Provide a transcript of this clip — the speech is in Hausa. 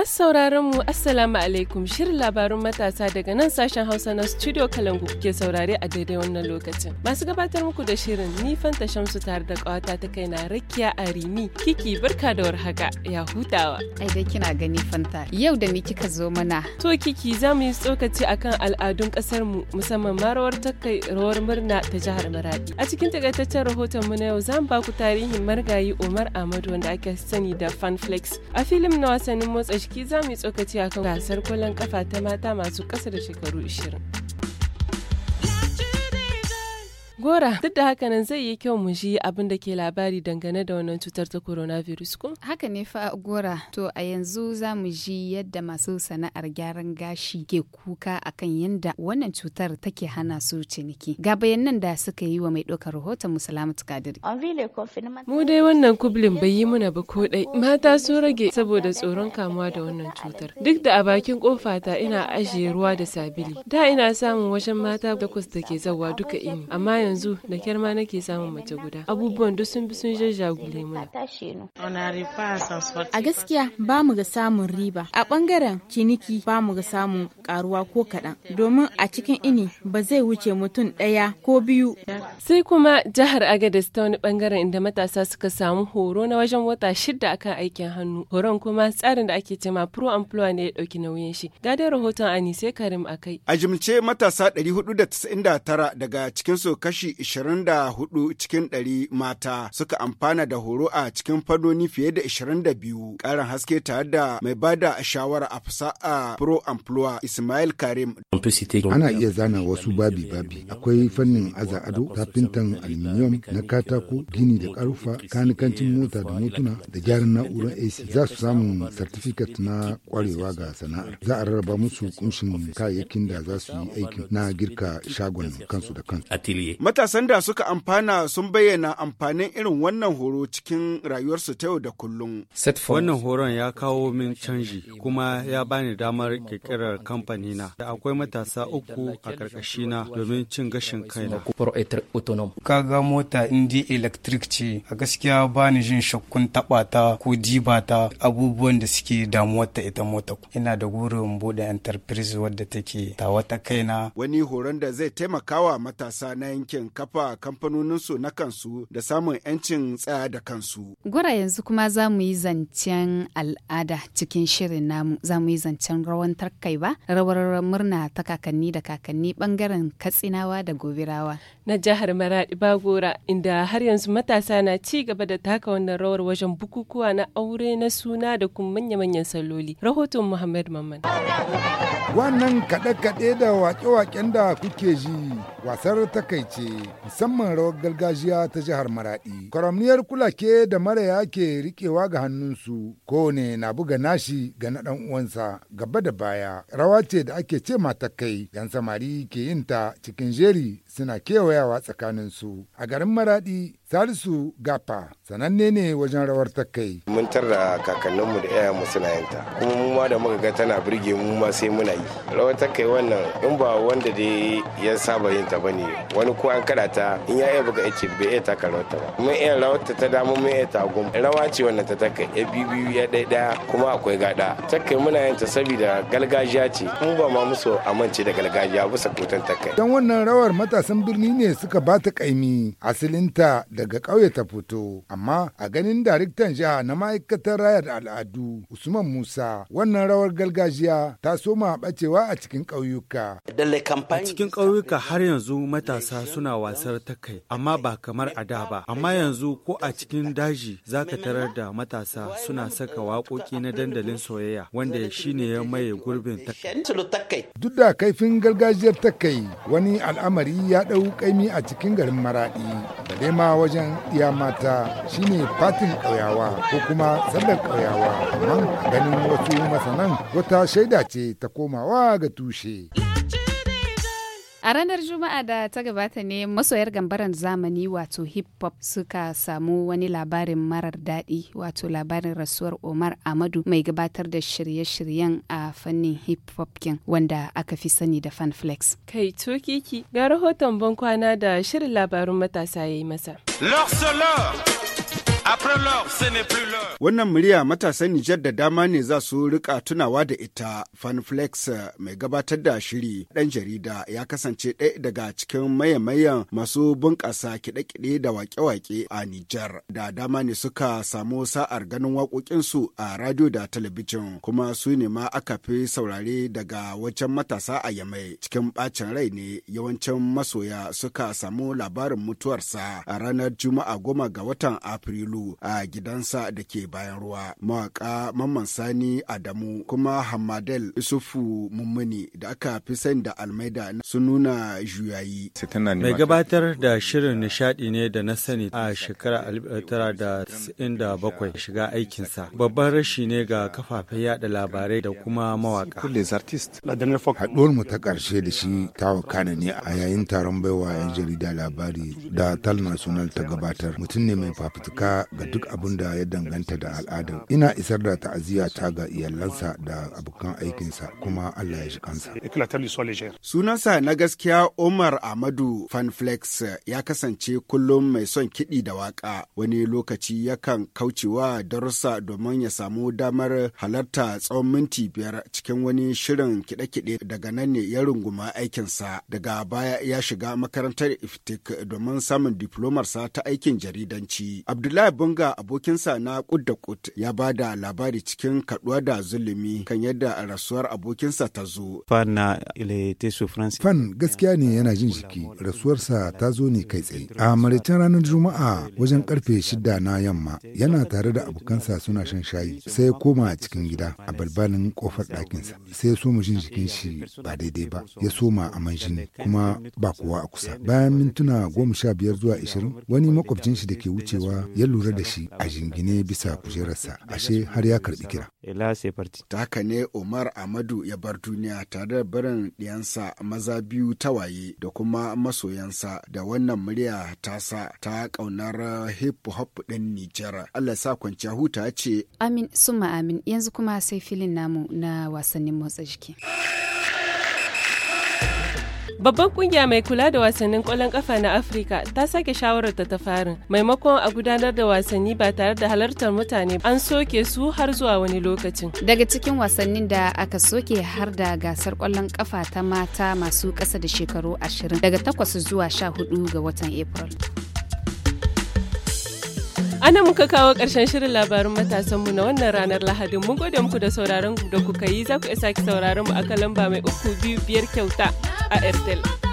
masu sauraron mu Assalamu alaikum shirin labarun matasa daga nan sashen Hausa na Studio Kalangu ke saurare a daidai wannan lokacin. Masu gabatar muku da shirin ni Fanta Shamsu tare da kawata ta kai na Rakiya Arimi Kiki barka da warhaka ya hutawa. Ai dai kina gani Fanta yau da ni kika zo mana. To Kiki za mu yi tsokaci akan al'adun kasar mu musamman ma rawar takai rawar murna ta jihar Maradi. A cikin takaitaccen rahoton mu na yau zan baku tarihin margayi Umar Ahmadu wanda ake sani da Fanflex. A filin na wasannin motsa ciki za mu yi tsokaci a akan gasar kwallon kafa ta mata masu ƙasa da shekaru 20. Gora, duk da haka nan zai yi kyau mu ji abin da ke labari dangane da wannan cutar ta coronavirus ko? Haka ne fa Gora, to a yanzu za mu ji yadda masu sana'ar gyaran gashi ke kuka akan yadda wannan cutar take hana su ciniki. Ga bayanan da suka yi wa mai ɗaukar rahoton Musalamatu Kadir. Mu dai wannan kublin bai yi muna ba ko dai. Mata sun rage saboda tsoron kamuwa da wannan cutar. Duk da a bakin kofa ta ina ajiye ruwa da sabili. Da ina samun wajen mata takwas da ke zawa duka ini, amma yanzu da kyar ma nake samun mace guda. Abubuwan duk sun bi sun jajjagule mana. A gaskiya ba mu ga samun riba. A bangaren ciniki ba mu ga samun karuwa ko kaɗan. Domin a cikin ini ba zai wuce mutum ɗaya ko biyu. Sai kuma jihar Agadez ta wani bangaren inda matasa suka samu horo na wajen wata shida akan aikin hannu. Horon kuma tsarin da ake cema Pro Employer ne ya ɗauki nauyin shi. Ga rahoton Anise Karim akai. A jimce matasa 499 daga cikinsu kashi kashi 24 cikin 100 mata suka amfana da horo a cikin fannoni fiye da 22. Ƙarin haske tare da mai bada shawara a a Pro Amplua Ismail Karim. Ana iya zana wasu babi-babi. Akwai fannin aza ado, kafintan aluminium na katako, gini da ƙarfa, kanikancin mota da motuna da gyaran na'urar AC. Za su samu certificate na kwarewa ga sana'ar. Za a rarraba musu kunshin kayayyakin da za su yi aikin na girka shagon kansu da kansu. Matasan da suka amfana sun bayyana amfanin irin wannan horo cikin rayuwarsu ta yau da kullum. Wannan horon ya kawo min canji kuma ya bani damar ƙirƙirar kamfani Da akwai matasa uku a ƙarƙashina domin cin gashin kaina. Kaga mota indi electric ce a gaskiya bani jin shakkun tabata ko jibata abubuwan da suke damuwa ita mota. Ina da gurin buɗe enterprise wadda take tawa ta kaina. Wani horon da zai taimakawa matasa na yanke. yancin kafa kamfanoninsu na kansu da samun yancin tsaya da kansu. Gura yanzu kuma za mu yi zancen al'ada cikin shirin namu za mu yi zancen rawan tarkai ba rawar murna ta kakanni da kakanni bangaren katsinawa da gobirawa. Na jihar Maradi gora inda har yanzu matasa na ci gaba da taka wannan rawar wajen bukukuwa na aure na suna da kuma manya-manyan saloli. Rahoton Muhammad Mamman. Wannan kaɗe-kaɗe da waƙe waken da kuke ji wasar takaice musamman rawar gargajiya ta jihar Maradi. Kwaramniyar kulake da maraya ke rikewa ga hannunsu ne na buga nashi ga na ɗan uwansa gaba da baya. Rawa ce da ake ce kai, yan samari ke yin ta cikin jeri suna kewayawa tsakaninsu. A garin Maradi Salisu Gafa sananne ne wajen rawar takai. Mun tarda kakanninmu da mu suna yanta kuma mu ma da muka ga tana burge mu ma sai muna yi. Rawar takai wannan in ba wanda dai ya saba yin ta bane wani ko an kada ta in ya iya buga ice bai iya taka rawar ta ba. Mun iya rawar ta ta da mun iya ta gum. Rawa ce wannan ta takai ya biyu ya ɗaya ɗaya kuma akwai gada. Takai muna yin ta saboda galgajiya ce mu ba ma musu amince da galgajiya bisa kotan takai. Dan wannan rawar matasan birni ne suka ba ta kaimi asalinta daga ƙauye ta fito amma a ganin daraktan jiha na ma'aikatar rayar al'adu usman musa wannan rawar gargajiya ta soma ɓacewa a cikin ƙauyuka a cikin ƙauyuka har yanzu matasa suna wasar ta kai amma ba kamar a da ba amma yanzu ko a cikin daji za ka tarar da matasa suna saka waƙoƙi na dandalin soyayya wanda shine ya maye gurbin takai duk da kaifin gargajiyar takai wani al'amari ya ɗau kaimi a cikin garin maraɗi bare wajen iya mata shine fatin ƙauyawa ko kuma sallar ƙauyawa amma ganin wasu masanan wata shaida ce ta komawa ga tushe. A ranar Juma'a da ta gabata ne masoyar gambaran zamani wato hip hop suka samu wani labarin marar daɗi wato labarin rasuwar Omar Amadu mai gabatar da shirye-shiryen a fannin hip hop kin wanda aka fi sani da fanflex. Kai tukiki ga rahoton bankwana da shirin labarun matasa ya yi masa. Wannan murya matasan Nijar da dama ne za su rika tunawa da ita Fanflex eh, mai gabatar da shiri ɗan jarida ya kasance ɗaya daga cikin maye-mayen masu bunƙasa kiɗe-kiɗe da waƙe-waƙe a Nijar. Da dama ne suka samu sa'ar ganin waƙoƙinsu a radio da talabijin kuma su ne ma aka fi saurare daga wajen matasa a Yamai. Cikin ɓacin rai ne yawancin masoya suka samu labarin mutuwarsa a ranar Juma'a goma ga watan Afrilu. Falalu a gidansa da ke bayan ruwa. mawaƙa Mamman Sani Adamu kuma Hamadel Isufu Mummuni da aka fi sani da Almaida sun nuna juyayi. Mai gabatar da shirin nishaɗi ne da na sani a shekarar 1997 shiga aikinsa. Babban rashi ne ga kafafen yaɗa labarai da kuma mawaka. Haɗuwar mu ta ƙarshe da shi ta wakana ne a yayin taron baiwa 'yan jarida labari da tal national ta gabatar. Mutum ne mai fafutuka ga duk abin da ya danganta da al'adar ina isar da ta'aziyya ta ga iyalansa da abokan aikinsa kuma Allah ya shi kansa sunansa na gaskiya Umar Ahmadu Fanflex ya kasance kullum mai son kiɗi da waƙa wani lokaci yakan kaucewa darussa domin ya samu damar halarta tsawon minti biyar cikin wani shirin kiɗe-kiɗe daga nan ne ya runguma aikinsa daga baya ya shiga makarantar iftik domin samun diplomarsa ta aikin jaridanci abdullahi Bunga abokinsa na kud da ya ba da labari cikin kaduwa da zulumi kan yadda rasuwar abokinsa ta zo. Fan gaskiya ne yana jin jiki rasuwarsa ta zo ne kai tsaye. A maritan ranar Juma'a wajen karfe shida na yamma yana tare da abokansa suna shan shayi sai ya koma cikin gida a balbalin kofar ɗakinsa sai ya soma jin jikin shi ba daidai ba ya soma aman jini kuma ba kowa a kusa. Bayan mintuna goma sha biyar zuwa ashirin wani makwabcin shi da ke wucewa ya lura lura da shi a jingine bisa kujerarsa ashe har ya karbi kira. Taka ne Umar Amadu ya bar duniya tare da barin ɗiyansa maza biyu tawaye da kuma masoyansa da wannan murya ta sa ta kaunar hip hop ɗin Nijar. Allah sa kwanciya huta ce. Amin suma amin yanzu kuma sai filin namu na wasannin motsa jiki. Babban kungiya mai kula da wasannin kwallon kafa na Afirka ta sake shawarar ta farin maimakon a gudanar da wasanni ba tare da halartar mutane an soke su har zuwa wani lokacin. Daga cikin wasannin da aka soke har da gasar kwallon kafa ta mata masu ƙasa da shekaru ashirin daga takwas zuwa sha hudu ga watan April. Ana muka kawo ƙarshen shirin labarin matasanmu na wannan ranar Lahadin. Mun gode muku da sauraron da kuka yi za ku iya sake sauraron mu a kalamba mai uku biyu biyar kyauta a Airtel.